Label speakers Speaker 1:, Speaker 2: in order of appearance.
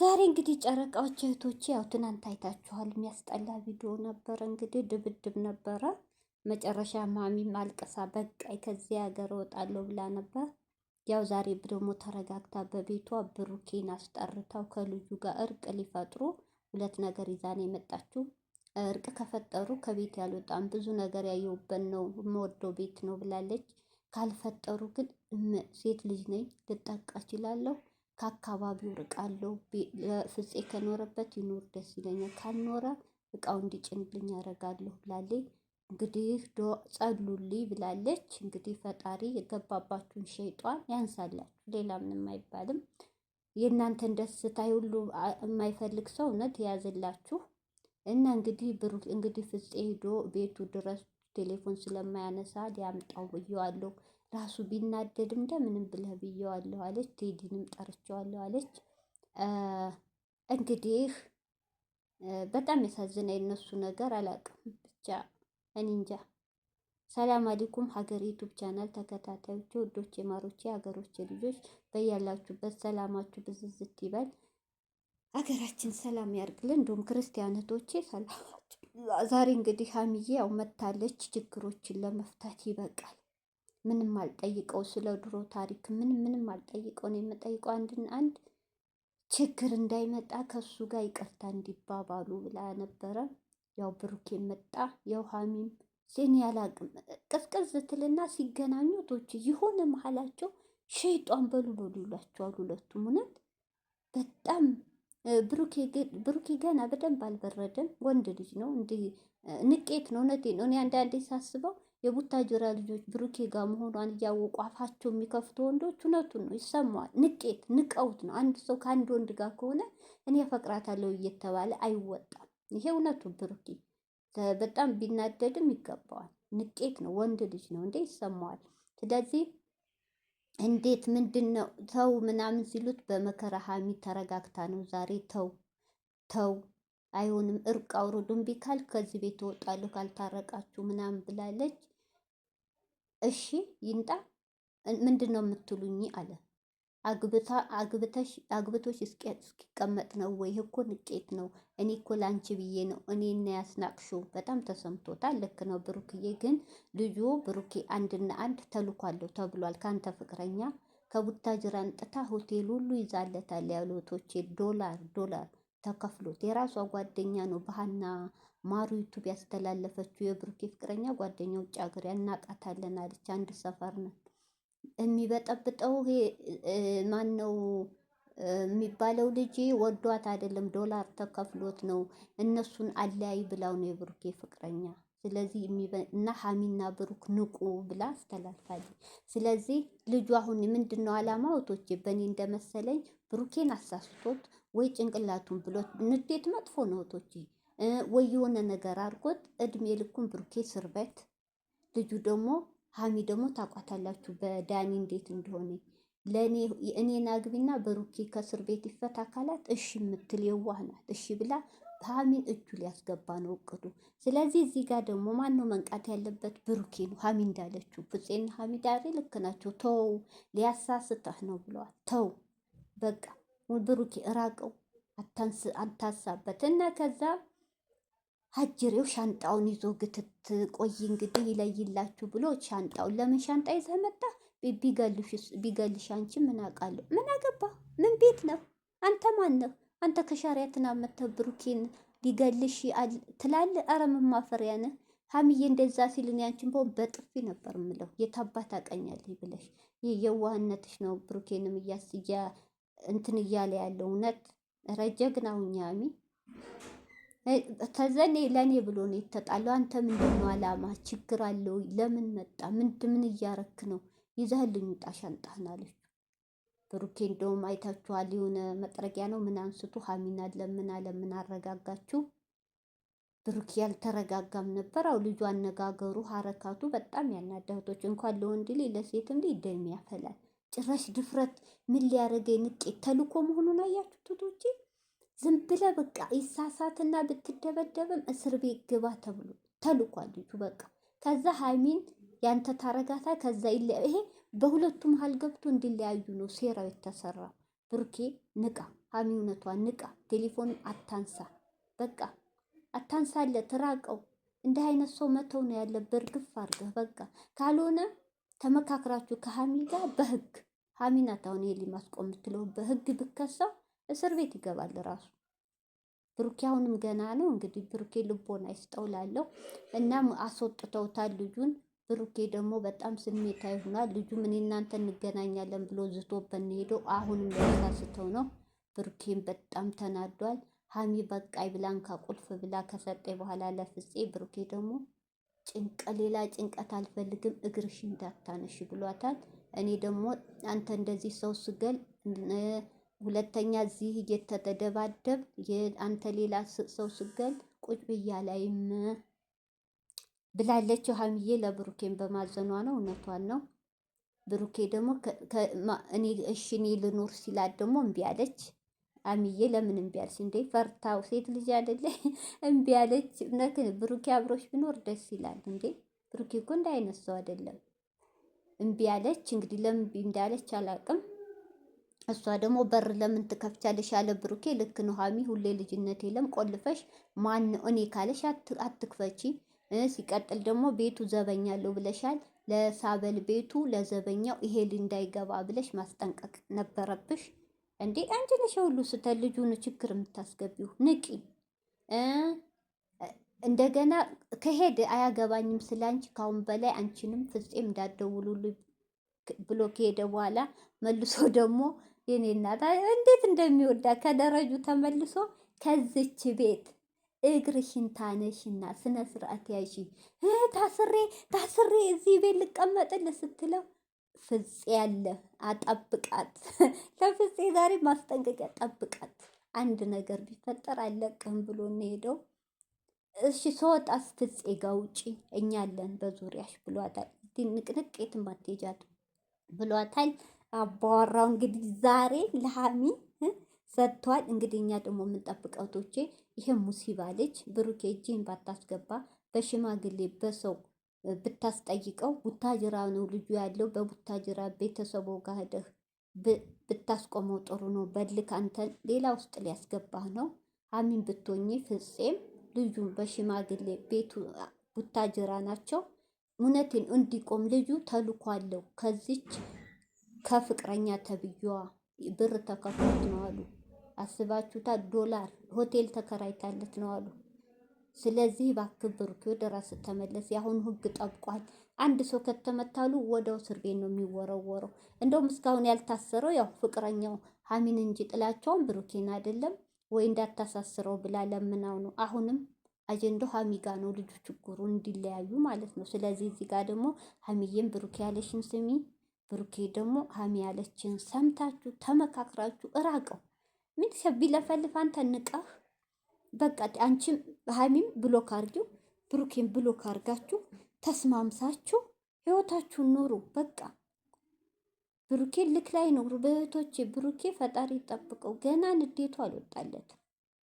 Speaker 1: ዛሬ እንግዲህ ጨረቃዎች እህቶቼ ያው ትናንት አይታችኋል። የሚያስጠላ ቪዲዮ ነበረ። እንግዲህ ድብድብ ነበረ። መጨረሻ ማሚም አልቅሳ በቃይ ከዚህ ሀገር እወጣለሁ ብላ ነበር። ያው ዛሬ ደግሞ ተረጋግታ በቤቷ ብሩኬን አስጠርታው ከልዩ ጋር እርቅ ሊፈጥሩ ሁለት ነገር ይዛ ነው የመጣችው። እርቅ ከፈጠሩ ከቤት ያልወጣም ብዙ ነገር ያየውበት ነው የምወደው ቤት ነው ብላለች። ካልፈጠሩ ግን ሴት ልጅ ነኝ ልጠቃ እችላለሁ ከአካባቢው ርቃለሁ። ፍፄ ከኖረበት ይኖር ደስ ይለኛል፣ ካልኖረ እቃው እንዲጭንልኝ አደርጋለሁ ብላለች። እንግዲህ ጸሉልኝ ብላለች። እንግዲህ ፈጣሪ የገባባችሁን ሸይጧን ያንሳላችሁ። ሌላ ምንም አይባልም። የእናንተን ደስታ ሁሉ የማይፈልግ ሰው እውነት ያዝላችሁ። እና እንግዲህ ብሩ እንግዲህ ፍፄ ሄዶ ቤቱ ድረስ ቴሌፎን ስለማያነሳ ሊያምጣው ብየዋለሁ። ራሱ ቢናደድም እንደምንም ብለህ ብየዋለሁ አለች። ቴዲንም ጠርቸዋለሁ አለች። እንግዲህ በጣም ያሳዝና የነሱ ነገር አላቅም። ብቻ እኔ እንጃ። ሰላም አለይኩም ሀገር ዩቱብ ቻናል ተከታታዮች ወዶች፣ የማሮቼ ሀገሮቼ ልጆች በያላችሁበት ሰላማችሁ ብዝዝት ይበል። ሀገራችን ሰላም ያርግልን። እንዲሁም ክርስቲያነቶቼ ሰላማችሁ። ዛሬ እንግዲህ ሀሚዬ ያው መታለች። ችግሮችን ለመፍታት ይበቃል። ምንም አልጠይቀው ስለ ድሮ ታሪክ ምን ምንም አልጠይቀው ነው የምጠይቀው አንድን አንድ ችግር እንዳይመጣ ከሱ ጋር ይቅርታ እንዲባባሉ ብላ ነበረ። ያው ብሩኬ መጣ። ያው ሀሚም ሴን ያላቅም ቅዝቅዝ ትልና ሲገናኙ ቶች የሆነ መሀላቸው ሸይጧን በሉ በሉ ይሏቸዋል ሁለቱም። እውነት በጣም ብሩኬ ገና በደንብ አልበረደም። ወንድ ልጅ ነው እንዲህ ንቄት ነው። እውነቴን ነው እኔ አንዳንዴ ሳስበው የቡታጅራ ልጆች ብሩኬ ጋር መሆኗን እያወቁ አፋቸው የሚከፍቱ ወንዶች እውነቱን ነው፣ ይሰማዋል። ንቄት ንቀውት ነው። አንድ ሰው ከአንድ ወንድ ጋር ከሆነ እኔ አፈቅራታለሁ እየተባለ አይወጣም። ይሄ እውነቱ ብሩኬ በጣም ቢናደድም ይገባዋል። ንቄት ነው፣ ወንድ ልጅ ነው እንዴ፣ ይሰማዋል። ስለዚህ እንዴት ምንድን ነው ተው ምናምን ሲሉት በመከራ ሀሚ ተረጋግታ ነው ዛሬ ተው ተው አይሆንም፣ እርቅ አውርዱ። እምቢ ከዚህ ቤት እወጣለሁ ካልታረቃችሁ ምናምን ብላለች። እሺ ይንጣ ምንድን ነው የምትሉኝ አለ። አግብቶች እስኪቀመጥ ነው ወይ? እኮ ንቄት ነው። እኔ እኮ ላንቺ ብዬ ነው። እኔ እኔና ያስናቅሽው በጣም ተሰምቶታል። ልክ ነው ብሩክዬ። ግን ልዩ ብሩኬ አንድና አንድ ተልኳለሁ ተብሏል። ከአንተ ፍቅረኛ ከቡታጅራ አንጥታ ሆቴል ሁሉ ይዛለታል። ያሉቶቼ ዶላር ዶላር ተከፍሎት የራሷ ጓደኛ ነው ባህና ማሩ ዩቱብ ያስተላለፈችው የብሩኬ ፍቅረኛ ጓደኛ ውጭ ሀገር ያናቃታለን አለች። አንድ ሰፈር ነው የሚበጠብጠው ማን ነው የሚባለው? ልጅ ወዷት አይደለም፣ ዶላር ተከፍሎት ነው። እነሱን አለያይ ብላው ነው የብሩኬ ፍቅረኛ። ስለዚህ እና ሀሚና ብሩክ ንቁ ብላ አስተላልፋለች። ስለዚህ ልጁ አሁን ምንድን ነው አላማው? እህቶቼ በእኔ እንደመሰለኝ ብሩኬን አሳስቶት ወይ ጭንቅላቱን ብሎት፣ ንዴት መጥፎ ነው እህቶቼ ወይ የሆነ ነገር አድርጎት እድሜ ልኩን ብሩኬ እስር ቤት ልጁ ደግሞ ሀሚ ደግሞ ታቋታላችሁ በዳኒ እንዴት እንደሆነ ለእኔ እኔን አግቢና ብሩኬ ከእስር ቤት ይፈታ አካላት እሺ የምትል የዋህ ናት። እሺ ብላ ሀሚን እጁ ሊያስገባ ነው እቅዱ። ስለዚህ እዚህ ጋር ደግሞ ማነው መንቃት ያለበት? ብሩኬ ነው። ሀሚ እንዳለችው ፍፄና ሀሚ ዳሬ ልክ ናቸው። ተው ሊያሳስተህ ነው ብለዋል። ተው በቃ ብሩኬ እራቀው፣ አታሳበት እና ከዛ አጅሬው ሻንጣውን ይዞ ግትት ቆይ እንግዲህ ይለይላችሁ ብሎ ሻንጣውን ለምን ሻንጣ ይዘህ መጣ? ቢገልሽ አንቺ ምን አውቃለሁ? ምን አገባ? ምን ቤት ነው? አንተ ማን ነው? አንተ ከሻሪያትና ትናመተ ብሩኬን ሊገልሽ ትላለህ? ኧረ ምን ማፈሪያ ነህ? ሀሚዬ እንደዛ ሲልን ያንቺን በሆን በጥፊ ነበር ምለው። የታባት አቀኛለኝ ብለሽ የዋህነትሽ ነው ብሩኬንም እያስያ እንትን እያለ ያለው እውነት ረጀግናውኛ ሚ ተዘኔ ለእኔ ብሎ ነው የተጣለው። አንተ ምንድን ነው አላማ? ችግር አለው? ለምን መጣ? ምን ምን እያረክ ነው? ይዘህልኝ ውጣ ሻንጣህን አለች። ብሩኬ እንደውም አይታችኋል፣ የሆነ መጥረጊያ ነው ምን አንስቶ ሀሚና ለምን ለምን አረጋጋችሁ። ብሩኬ ያልተረጋጋም ነበር። አው ልጁ አነጋገሩ፣ ሀረካቱ በጣም ያናዳ። እንኳን ለወንድ ልጅ ለሴትም ልጅ ደም ያፈላል። ጭራሽ ድፍረት ምን ሊያደርገኝ ንቄት ተልኮ መሆኑን አያችሁ ትቶቼ ዝም ብለህ በቃ ይሳሳትና ብትደበደብም እስር ቤት ግባ ተብሎ ተልኳል ልጁ። በቃ ከዛ ሃይሚን ያንተ ታረጋታ ከዛ ይለ ይሄ በሁለቱ መሀል ገብቶ እንዲለያዩ ነው ሴራው የተሰራ። ብርኬ ንቃ፣ ሀሚ እውነቷ ንቃ፣ ቴሌፎን አታንሳ፣ በቃ አታንሳለ ትራቀው እንደ አይነት ሰው መተው ነው ያለ እርግፍ አድርገህ በቃ። ካልሆነ ተመካክራችሁ ከሀሚ ጋር በህግ ሀሚናት አሁን ይሄ ሊማስቆም የምትለው በህግ ብከሰው እስር ቤት ይገባል ራሱ። ብሩኬ አሁንም ገና ነው እንግዲህ ብሩኬ ልቦና ይስጠው ላለው እናም አስወጥተውታል ልጁን። ብሩኬ ደግሞ በጣም ስሜታዊ ሆኗል። ልጁ ምን እናንተ እንገናኛለን ብሎ ዝቶበት ሄደው አሁንም ያሳስተው ነው። ብሩኬን በጣም ተናዷል። ሀሚ በቃይ ብላን ቁልፍ ብላ ከሰጠ በኋላ ለፍፄ ብሩኬ ደግሞ ጭንቀ ሌላ ጭንቀት አልፈልግም እግርሽ እንዳታነሽ ብሏታል። እኔ ደግሞ አንተ እንደዚህ ሰው ስገል ሁለተኛ እዚህ እየተደባደብ የአንተ ሌላ ሰው ስገል ቁጭ ብያ ላይም ብላለችው ሀምዬ ለብሩኬን በማዘኗ ነው። እውነቷን ነው። ብሩኬ ደግሞ እኔ እሺ እኔ ልኑር ሲላት ደግሞ እምቢ አለች። አሚዬ ለምን እምቢ አለች እንዴ? ፈርታው ሴት ልጅ አይደለ? እምቢ አለች። እውነት ብሩኬ አብሮሽ ቢኖር ደስ ይላል እንዴ? ብሩኬ እኮ እንዳይነሳው አይደለም። እምቢ አለች። እንግዲህ ለምን እምቢ እንዳለች አላቅም። እሷ ደግሞ በር ለምን ትከፍቻለሽ? ያለ ብሩኬ ልክ ነው ሀሚ፣ ሁሌ ልጅነት የለም ቆልፈሽ ማን እኔ ካለሽ አትክፈቺ። ሲቀጥል ደግሞ ቤቱ ዘበኛለሁ ብለሻል። ለሳበል ቤቱ ለዘበኛው ይሄ እንዳይገባ ብለሽ ማስጠንቀቅ ነበረብሽ እንዴ! አንቺ ነሽ ሁሉ ስተ ልጁን ችግር የምታስገቢው ንቂ። እንደገና ከሄደ አያገባኝም ስላንቺ ካሁን በላይ አንቺንም ፍፄም እንዳደውሉልኝ ብሎ ከሄደ በኋላ መልሶ ደግሞ የኔ እናት እንዴት እንደሚወዳ ከደረጁ ተመልሶ ከዝች ቤት እግርሽን ታነሽና ስነ ስርዓት ያይሽ ታስሬ ታስሬ እዚህ ቤት ልቀመጥል ስትለው ፍጽ ያለ አጠብቃት። ለፍፄ ዛሬ ማስጠንቀቂያ ጠብቃት፣ አንድ ነገር ቢፈጠር አለቅህም ብሎ ሄደው። እሺ ሰወጣ ፍፄ ጋ ውጪ እኛለን በዙሪያሽ ብሏታል። ንቅንቅ የትም አትሄጃትም ብሏታል። አባወራው እንግዲህ ዛሬ ለሀሚ ሰጥቷል። እንግዲህ እኛ ደግሞ የምንጠብቀው ቶቼ ይሄ ሙሲባ ልጅ ብሩኬ እጅህን ባታስገባ በሽማግሌ በሰው ብታስጠይቀው ቡታጅራ ነው ልጁ ያለው። በቡታጅራ ቤተሰቦ ጋር ሄደህ ብታስቆመው ጥሩ ነው። በልክ አንተ ሌላ ውስጥ ሊያስገባህ ነው። ሀሚን ብትሆኚ ፍፄም ልጁን በሽማግሌ ቤቱ ቡታጅራ ናቸው። እውነቴን እንዲቆም ልጁ ተልኳለሁ ከዚች ከፍቅረኛ ተብዬዋ ብር ተከፍሎት ነው አሉ። አስባችሁታ ዶላር ሆቴል ተከራይታለት ነው አሉ። ስለዚህ እባክህ ብሩኬ ወደ ራስ ተመለስ። የአሁኑ ህግ ጠብቋል። አንድ ሰው ከተመታሉ ወደው እስር ቤት ነው የሚወረወረው። እንደውም እስካሁን ያልታሰረው ያው ፍቅረኛው ሀሚን እንጂ ጥላቸውን ብሩኬን አይደለም ወይ እንዳታሳስረው ብላ ለምናው ነው። አሁንም አጀንዳው ሀሚ ጋ ነው ልጁ ችግሩ እንዲለያዩ ማለት ነው። ስለዚህ እዚህ ጋር ደግሞ ሀሚዬም ብሩኬ ያለሽን ስሚ ብሩኬ ደግሞ ሀሚ ያለችን ሰምታችሁ ተመካክራችሁ እራቀው። ምን ቢለፈልፍ አንተ ንቀህ በቃ አንቺም ሀሚም ብሎክ አርጊው፣ ብሩኬን ብሎክ አርጋችሁ ተስማምሳችሁ ህይወታችሁን ኑሩ። በቃ ብሩኬ ልክ ላይ ኑሩ። እህቶቼ። ብሩኬ ፈጣሪ ይጠብቀው። ገና ንዴቱ አልወጣለት።